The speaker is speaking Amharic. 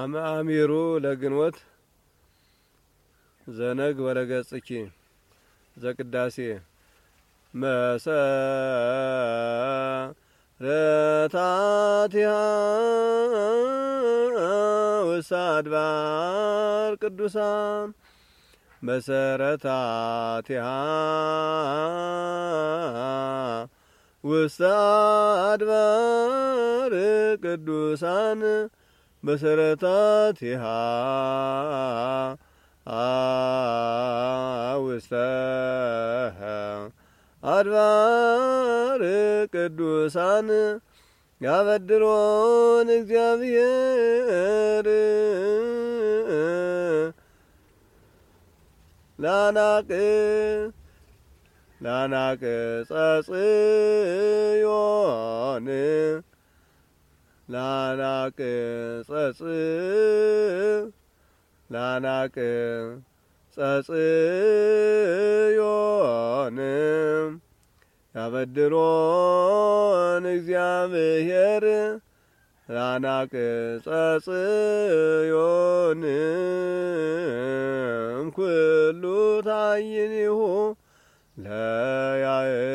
አሚሩ ለግንወት ዘነግ ወለገጽኪ ዘቅዳሴ መሰረታቲሃ ውሳ አድባር ቅዱሳን መሰረታቲሃ ውሳ አድባር ቅዱሳን መሰረታቲሃ ውስተ አድባር ቅዱሳን ያበድሮን እግዚአብሔር ላናቅ ላናቅ ጸጽዮን ናናቅ ጸጽ ናናቅ ዮን ያበድሮን እግዚአብሔር ናናቅ ጸጽዮንም ኩሉ ይሁ ለያየ